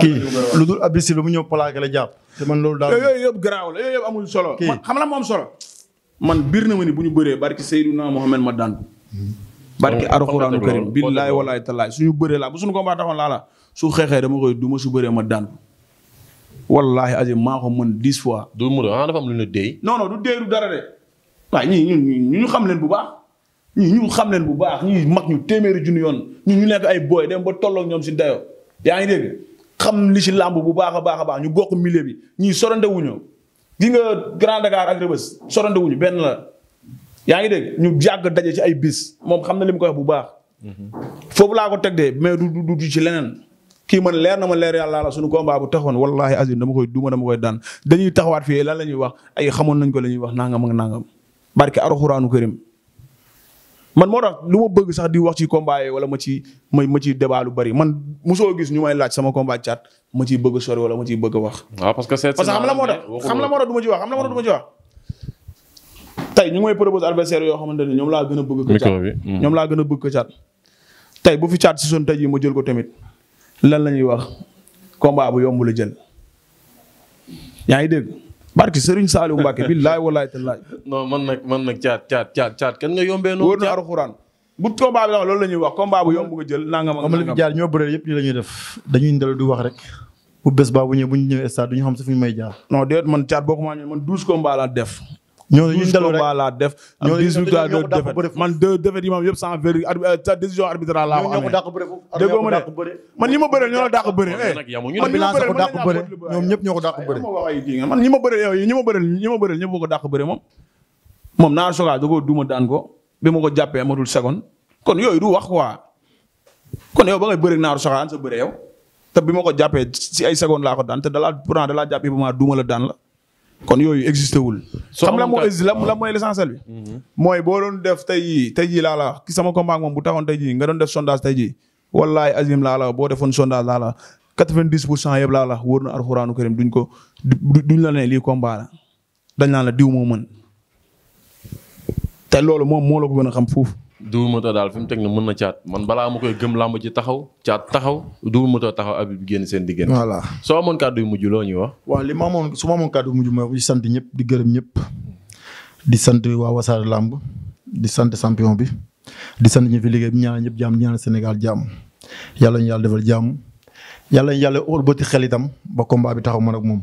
kii lu dul abisi lu mu ñëw plaqué la jàpp te man loolu daal yooyu la amul solo xam la moom solo man biir na ma ni bu ñu bëree barki Seydina Mohamed ma daan mm-hmm. barki Alxuraanu Karim billaay walaay talaay suñu bëree laa bu suñu combat taxoon laa la su xeexee dama koy duma su bëree ma daan wallaahi azim maa ko mën dix fois. du mu ah, dafa am lu ñu déy. non non du déy du dara de waaye ñii ñun ñu xam leen bu baax ñu xam leen bu baax ñii mag ñu téeméeri junni yoon ñun ñu nekk ay booy dem ba tolloog ñoom si dayoo yaa ngi dégg xam li si làmb bu baax a baax a baax ñu bokk millier bi ñii sorante wuñu gi nga Grand Dakar ak Rebeuss sorante wuñu benn la yaa ngi dégg ñu yàgg daje ci ay bis moom xam na li mu koy wax bu baax. Mhm. foofu laa ko teg de mais du du du ci leneen. kii man leer na ma leer yàlla la suñu combat bu taxoon wallahi azim dama koy duma dama koy daan dañuy taxawaat fii lan la ñuy wax ay xamoon nañ ko la ñuy wax nangam ak nangam barke alxuraanu karim man moo tax lu ma bëgg sax di wax ci combat yi wala ma ci ma ma ciy débat lu bari man mosoo gis ñu may laaj sama combat caat ma ciy bëgg sori wala ma ciy bëgg wax. waaw parce que seet parce que xam la moo tax xam la moo tax du ci wax xam la moo tax du ma ci wax. tey ñu may propose adversaire yoo xamante ne ñoom laa gën bëgg. micro bi hmm. ñoom laa gën a bëgg ko caat. tey bu fi caat si son tey jii ma jël ko tamit lan la ñuy wax combat bu yomb la jël yaa ngi dégg. barki Serigne Saliou Mbacke (laughs) billaay walaay tallaay. non man nag man nag caat caat caat caat kenn nga yombee noonu. wóor na alxuraan bu combat bi la loolu la ñuy wax combat bu yomb nga jël nangam ak nangam. jaar ñoo bëre yëpp nii la ñuy def dañuy ndel du wax rek. bu bés baa bu ñëwee bu ñu ñëwee stade du ñu xam si fu may jaar. non déet man caat boo man douze combat laa def. ñoo def man deux défaites yi ma am yëpp sans euh, ñoo la dàq bëree. Eh. man ko dàq bëree ñoom ñoo ko dàq bëree. ma bëree yow moom. moom naa soga da duuma daan ko bi ma ko jàppee amatul seconde kon yooyu du wax quoi kon yoo ba ngay bëree naaru soxaan sa bëree yow te bi ma ko jàppee si ay seconde laa ko daan te dalaa pourtant dalaa jàppee ba ma duuma la daan kon yooyu existé wul. xam la moo existé ah. la mooy l'essentiel bi. Mhm. mooy boo doon def tey jii tey jii laa la ki sama combat ak moom bu taxoon tey jii nga doon def sondage tey jii wallaay azim laa la boo defoon sondage laa la quatre-vingt-dix pour cent yëpp laa la wóor na alxuraanu karim duñ ko duñ la ne lii combat dañ naan la diw moo mën te loolu moom moo la ko gën a xam foofu. Double moto daal fi mu teg ne mën na caat man balaa ma koy gëm làmb ci taxaw caat taxaw Double moto taxaw abi bi génn seen diggante. voilà soo amoon kàddu yu mujj loo ñuy wax. waaw li ma amoon su ma amoon kàddu yu mujj mooy di sant ñëpp di gërëm ñëpp di sant waa Wassare Lamb di sant sampion bi di sant ñu fi liggéey bi ñaan ñëpp jàmm ñaan Sénégal jàmm yàlla ñu yàlla defal jàmm yàlla ñu yàlla wëlbati xel itam ba combat bi taxaw man ak moom.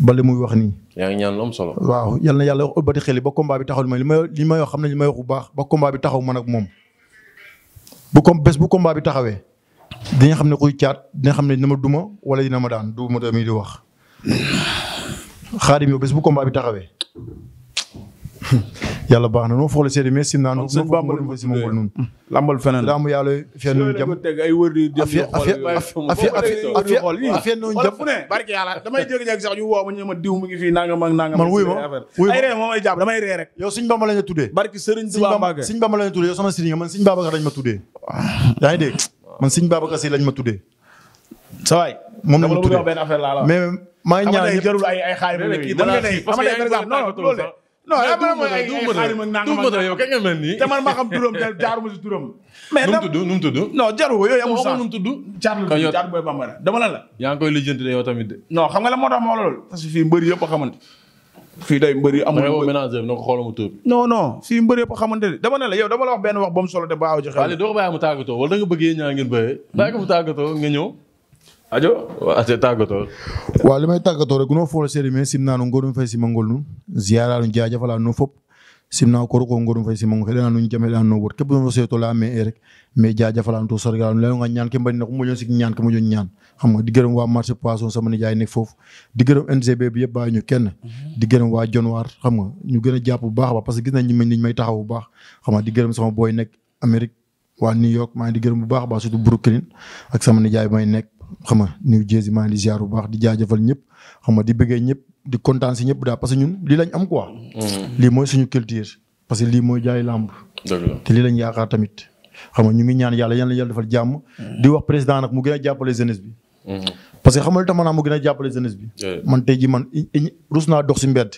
ba li muy wax nii. yaa ngi ñaan lu solo. waaw yal na yàlla ëlbati xel yi ba combat bi taxaw li may li may wax xam ne li may bu baax ba combat bi taxaw man ak moom. bu comme bés bu combat bi taxawee dina xam ne kuy caat dina xam ne na ma duma wala dina ma daan du ma tamit di wax xaadim yow bés bu combat bi taxawee (laughs) yàlla baax na non foole seede mais sim naa non non bambal fa sim ngol non lambal feneen lamb jam ay wër di jam jam ma ñu ma diw mi ngi fi nangam ak nangam man wuy ma ay ree moom ay jàpp damay ree rek yow suñ bamba lañu tuddee barke man suñ Babacar lañ si lañ ma tuddee sa waay moom lañu jarul ay ay xaar bi dama lay non a mooy ay xaarim ak nangam ak nga ma xam turam te jaaruma si turam. mais tudd nu mu tudd. non jaru mu tudd. jaarul jaar booy bambara dama lan la. yaa ngi koy lijjanti de yow tamit de. xam nga la moo tax ma loolu parce que fii mbër yëpp a xamante. fii day mbër na ko xoolal mu tuub. non non fii mbër yëpp a ne dama la yow dama la wax benn wax ba mu solo te baaw ci xel. waaye doo ko bàyyi mu tàggatoo wala da nga bëggee ñaa ngeen bëyee. bàyyi ko mu tàggatoo nga ñëw ajo waaw te tàggatoo. waaw li may rek no folo seedi me simnaanu ngoɗum fay sima fay sima ngo heɗanaanu jameɗaanno wot kep ɗum seeto la me e eh, rek mais jaajafalaanu to sargalaanu leyonga ñaan ke ko moƴon sik ñaan ke moƴon ñaan xam nga di gërëm waa marché poisson sama nijaay nekk foofu di NGB bi yëpp bàyyi ñu kenn di gërëm waa xam nga ñu gën a jàpp bu baax ba parce que gis nañ ni ñu may taxaw bu baax xam nga di gërëm sama booy nekk Amérique waa New York maa ngi bu baax ba surtout Brooklyn ak sama nijaay may nekk xam nga New Jersey maa ngi di bu baax di jaajëfal ñëpp xam nga di bëggee ñëpp di kontaan si ñëpp daal parce que ñun lii lañ am quoi. Mm-hmm. lii mooy suñu culture. parce que lii mooy jaay làmb. te lii lañ yaakaar tamit. xam nga ñu ngi ñaan yàlla yàlla yàlla defal jàmm. Mm-hmm. di wax président nag mu gën a jàppale jeunesse bi. Mm-hmm. parce que xam nga lu tax maanaam mu a jàppale jeunesse bi. man tey ji man rus naa dox si mbedd.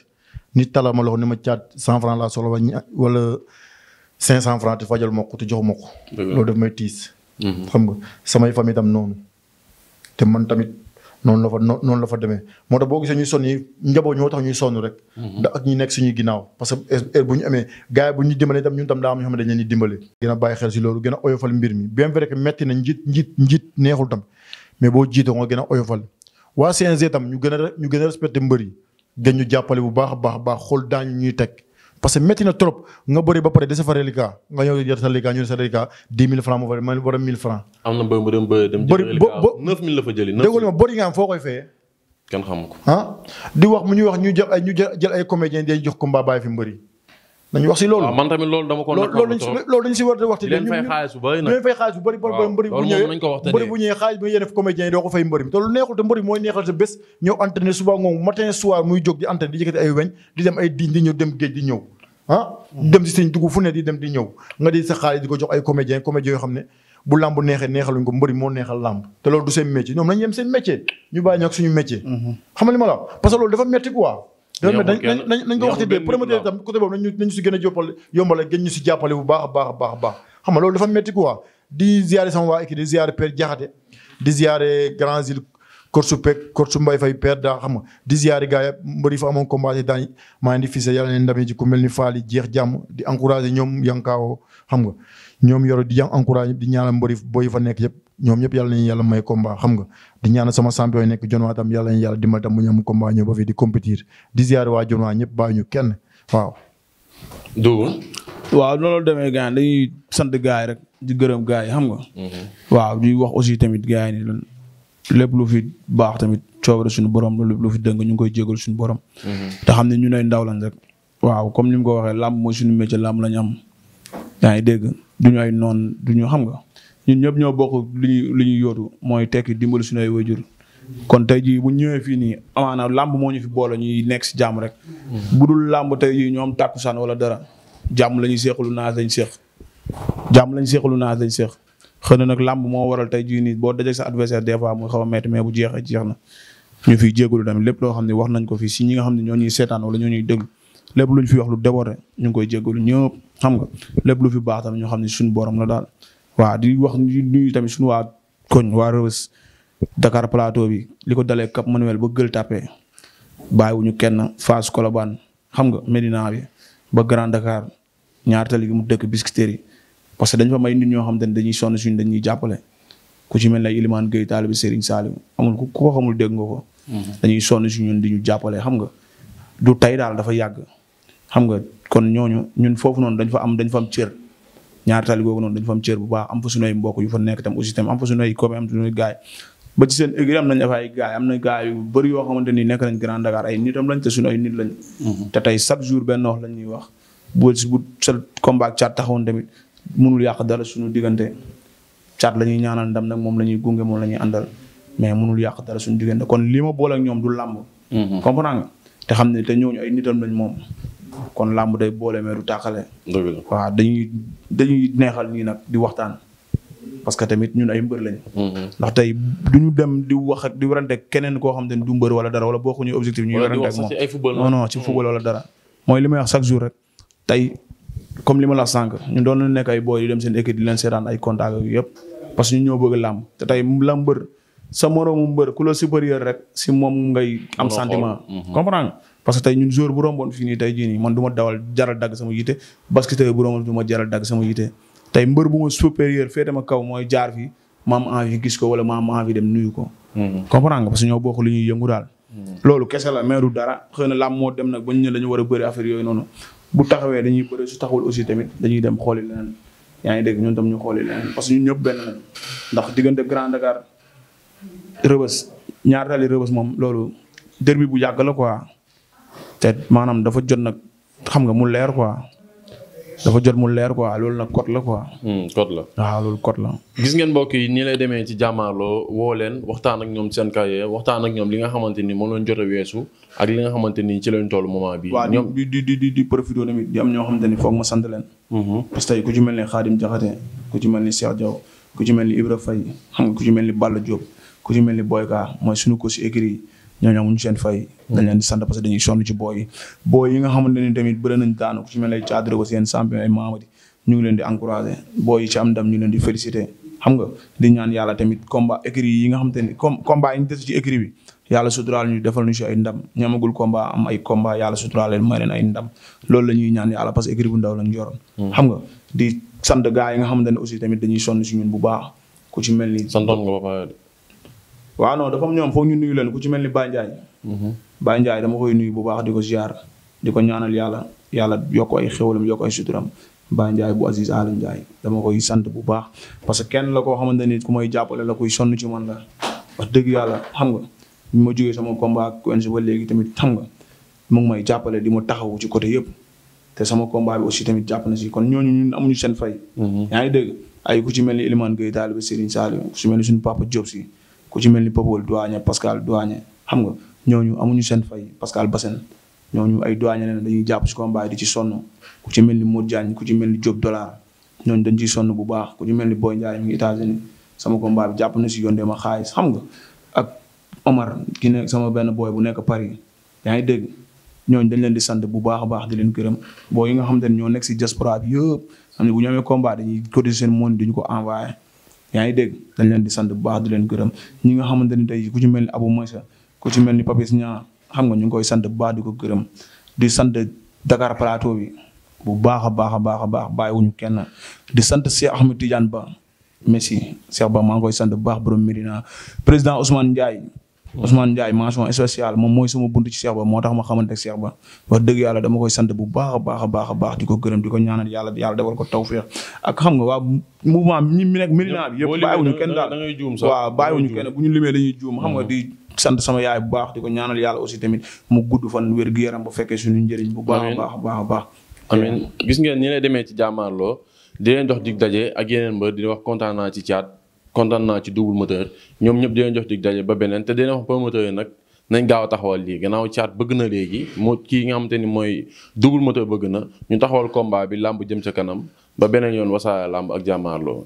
nit tala ma loxo ni ma caat cent franc laa soxla wala cinq cent franc te fajal ma ko te joxu ma ko. loolu daf xam nga samay famille tam noonu. te man tamit noonu la fa noonu la fa demee moo tax boo gisee ñuy sonn yi ñoo tax ñuy sonn rek. Mhm. da ak ñi nekk suñuy ginnaaw parce que bu ñu amee gars bu ñu dimbalee itam ñun gën a bàyyi xel si loolu gën a oyofal mbir mi bien vrai que metti na njiit njiit neexul tam mais boo jiitoo nga gën a oyofal waa CNG tam ñu gën a ñu mbër yi dañu jàppale bu baax baax baax xool daañu ñuy teg parce que métti na trop nga bëri ba pare de sa fa reliquat nga ñëw jël sa reliquat ñu ne sa reliquat dix mille franc mu war a war a mille franc. am na mbéyum bu dem ba dem. neuf mille la fa jëli. neuf ma bëri nga am foo koy fayee. Ah? di wax mu ñuy wax ñu jël ay ñu jël ay comédiens di jox combat bàyyi fi mbëri nañu wax si loolu. loolu dama ko loolu dañ si war a wax te leen fay xaalis bu bëri nag bu ñëwee xaalis bi nga def comédien doo ko fay mbëri muy jóg di entraîné di yëkkati ay weñ di dem ay diin di ñëw dem géej di ñëw ah? dem si sëñ dugg fu ne di dem di ñëw nga di sa xaalis di ko jox ay comédien comédien yoo xam ne bu làmb neexee neexaluñ ko mbëri moo neexal làmb te loolu du seen métier ñoom nañ yem seen métier ñu bàyyi ñoo ak suñu métier mm-hmm. xam ma la parce nañ nañ ko waxte dee promoteur itam côté boobu nañu nañu si gën a jàppale yombale gën ñu si jàppale bu baax a baax a baax a baax xam nga loolu dafa métti quoi di ziare sama waa équipe di ziare Père Diakhaté di ziare Grand Zil korsu pek korsu mbay fay per daa xam nga di ziare gars yëpp mbëri fa amoon combat yi daañu maa ngi di fise yàlla leen ndamee ci ku mel ni Faly jeex jàmm di encouragé ñoom yankaawo xam nga ñoom yoro di yan encouragé di ñaanal mbëri booy fa nekk yëpp ñoom ñëpp yàlla nañu yàlla may combat xam nga di ñaanal sama champion yi nekk jonwaa tam yàlla nañu yàlla dimbali tam mu ñu am combat ñëw ba di compétir di ziare waa jonwaa ñëpp bàyyi kenn waaw. Dogo. demee gars yi dañuy rek di gërëm gars yi xam nga. Mhm. waaw di wax aussi tamit gars yi nii lépp lu fi baax tamit coobare suñu borom loolu lépp lu fi dëng ñu ngi koy jégal suñu borom. Mhm. te xam ne ñu nay ndaw lañ rek. waaw comme ni mu ko waxee làmb mooy suñu métier làmb la ñu am. yaa ngi dégg duñu ay noon duñu xam nga ñun ñëpp ñoo bokk lu ñuy lu ñuy yóotu mooy tekki dimbali suñu ay waajur kon tey jii bu ñëwee fii nii amaana làmb moo ñu fi boole ñu nekk si jàmm rek. Hmm. bu dul làmb tey jii ñoom tàkkusaan wala dara jàmm la ñuy seexlu naas lañ seex jàmm lañ seexlu naas lañ seex xëy na nag làmb moo waral tey jii nii boo dajee sa adversaire des fois muy xaw a métti mais bu jeexee jeex na. ñu fiy jégalu tamit lépp loo xam ne wax nañ ko fii si ñi nga xam ne ñoo ñuy seetaan wala ñoo ñuy déglu lépp ñu fi wax lu déborde ñu ngi koy jégalu ñëpp xam nga lépp lu fi baax tamit ñoo xam ne suñu borom la daal waaw di wax di nuyu tamit suñu waa koñ waa Rëbës Dakar Plateau bi li ko dalee Cap Manuel ba gël Gueule Tapée bàyyiwuñu kenn fas Colobane xam nga Medina bi ba Grand Dakar ñaar tali mu dëkk Biscuiterie yi parce que dañ fa may nit ñoo xam te ne dañuy sonn suñ dañuy jàppale ku ci mel ne Ilimane Gueye taalibi Serigne Salim amul ku ko xamul dégg nga ko. Mhm. dañuy sonn si ñun di ñu jàppale xam nga du tey daal dafa yàgg. xam nga kon ñooñu ñun foofu noonu dañ fa am dañ fa am cër ñaari tali googu noonu dañu fa am cër bu baax am fa suñuy mbokk yu fa nekk tam aussi tam am fa suñuy comme am suñuy gaay ba ci seen écurie am nañ dafay gaay am na gaay yu yoo xamante ni nekk nañ Grand Dakar ay nitam lañ te suñu ay nit lañ mm-hmm. te tey chaque jour benn wax lañ wax bu si bu sa combat ak caat taxawoon tamit mënul yàq dara suñu diggante caat la ñuy ñaanal ndam nag moom la ñuy gunge moom la ñuy àndal mais munul yàq dara suñu diggante kon li ma boole ak ñoom du làmb mm-hmm. comprendre nga te xam ne te ñooñu ay nitam lañ moom kon làmb day boole mais du tàqale. dëgg waaw dañuy dañuy neexal nii nag di waxtaan. parce que tamit ñun ay mbër lañ. Mm-hmm. ndax tey du ñu dem di wax ak di warante keneen koo xam te ne du mbër wala dara wala bokkuñu objectif ñu warante ak moom ci ay mm-hmm. dara. mooy li may wax chaque jour rek tey comme li ma la sànq ñu doon nekk ay booy yu dem seen équipe di leen seetaan ay contact ak yëpp parce que ñu ñoo bëgg làmb te tey la mbër sa moromu mbër ku la supérieur rek si moom ngay. am sentiment mm-hmm. comprendre parce que tey ñun jour bu romboon fii nii tey jii nii man du ma dawal jaral dagg sama yite basketteur bu romboon du ma jaral dagg sama yite tey mbër bu ma supérieur féete ma kaw mooy jaar fii ma am gis ko wala ma am envie dem nuyu ko. Hmm. comprendre nga parce que bokk li ñuy yëngu daal. Hmm. loolu kese la mais du dara xëy na làmb moo dem nag ba ñu ne dañu war a bëri affaire yooyu noonu bu taxawee dañuy bëri su taxawul aussi tamit dañuy dem xooli leneen yaa ngi dégg ñoom tam ñu xooli leneen parce que ñun ñëpp benn lañ ndax diggante Grand Dakar Rëbës ñaar moom loolu derby bu yàgg quoi te maanaam dafa jot nag xam nga mu leer quoi dafa jot mu leer quoi loolu nag code la quoi. Hmm, code la waaw loolu code la. gis ngeen mbokk yi nii lay demee ci jàmmaarloo woo leen waxtaan ak ñoom seen carrière waxtaan ak ñoom li nga xamante ni moom lañ jot a weesu ak li nga xamante ni ci lañ toll moment bi ñoom di di di di profité tamit di am ñoo xamante ni foog ma sant leen. Mm-hmm. parce que ku ci mel ni Khadim Diakhaté ku ci mel ni Cheikh Diaw ku ci mel ni Ibra Faye xam nga ku ci mel ni Balla Diop ku ci mel ni Boyka mooy suñu ko si écrit ñooñu amuñu seen fay. Mm-hmm. dañuy sonn ci booy yi. yi nga xamante ne tamit bëri nañ ku ci mel ne caadre ko seen ay Mamadi ñu ngi leen di encouragé booy ci am ndam ñu leen di félicité xam nga di ñaan yàlla tamit combat écrit yi nga xamante ne com combat yi ñu des ci écrit bi. yàlla suturaal ñu defal ay ndam ñamagul combat am ay combat yàlla suturaal leen may leen ay ndam loolu la ñuy ñaan yàlla parce que écrit bu ndaw lañ yoroon. Mm-hmm. xam nga di sant gars yi nga xamante ne aussi tamit dañuy sonn si ñun bu baax ku ci mel ni. santoon waaw non dafa am ñoom foog ñu nuyu leen ku ci mel ni Baye Ndiaye. Mhm. Baye Ndiaye dama koy nuyu bu baax di ko ziar di ko ñaanal yàlla yàlla yokk ay xewlam yokk ay suturam Baye Ndiaye bu Aziz Alioune Ndiaye dama koy sant bu baax parce que kenn la koo xamante ni ku may jàppale la kuy sonn ci man la wax dëgg yàlla xam nga ñu ma jógee sama combat ak ba léegi tamit xam nga mu may jàppale di ma taxawu ci côté yëpp te sama combat bi aussi tamit jàpp na si kon ñooñu ñun amuñu seen fay. Mhm. yaa ngi dégg ay ku ci mel ni Elimane Gueye Tall bi Serigne Saliou mel ni suñu papa Diop si. ku ci mel ni Popol Douagne Pascal Douagne xam nga ñooñu amuñu seen fay Pascal Bassène ñooñu ay Douagne leen dañuy jàpp ci combat di ci sonn ku ci mel ni Modou Diagne ku ci mel ni Diop Dollar ñooñu dañ ciy sonn bu baax ku ci mel ni Boy Ndiaye ngi états sama combat bi jàpp na si yónnee ma xaalis xam nga ak Omar gi nekk sama benn boy bu nekk Paris yaa ngi dégg ñooñu dañ leen di sant bu baax a baax di leen gërëm boo yi nga xam ne ñoo nekk si diaspora bi yëpp xam ne bu ñu amee combat dañuy cotiser seen monde di ko envoyé yaa ngi dégg dañ leen di sant bu baax di leen gërëm ñi nga xamante ni tey ku ci mel ni Abou Moussa ku ci mel ni Papis Niang xam nga ñu ngi koy sant bu baax di ko gërëm di sant Dakar Plateau bi bu baax a baax a baax a baax bàyyiwuñu kenn di sant Cheikh Ahmed Tidiane Ba Messi Cheikh Ba maa ngi koy sant bu baax borom Medina président Ousmane Ndiaye Ousmane Ndiaye mention spéciale moom mooy sama bunt ci Cheikh Ba moo tax ma xamante Cheikh Ba wax dëgg yàlla dama koy sant bu baax a baax a baax di ko gërëm di ko ñaanal yàlla yàlla defal ko tawfeex ak xam nga waa mouvement ñi mi nekk Médina bi yëpp bàyyiwuñu kenn daal waaw bu ñu limee dañuy juum xam nga mm. di sant sama yaay bu baax di ko ñaanal yàlla aussi tamit mu gudd fan wér gu yaram ba fekkee suñu njëriñ bu baax a baax a baax a gis ngeen ni lay demee ci jàmmaarloo di leen dox dig daje ak yeneen mbër di wax kontaan naa ci caat kontaan naa ci double moteur ñoom ñëpp dina jox dig daje ba beneen te dina wax promoteur yi nag nañ gaaw a taxawal lii gannaaw caat bëgg na léegi moo kii nga xamante ni mooy double moto bëgg na ñu taxawal combat bi làmb jëm ca kanam ba beneen yoon wasaare làmb ak jàmmaarloo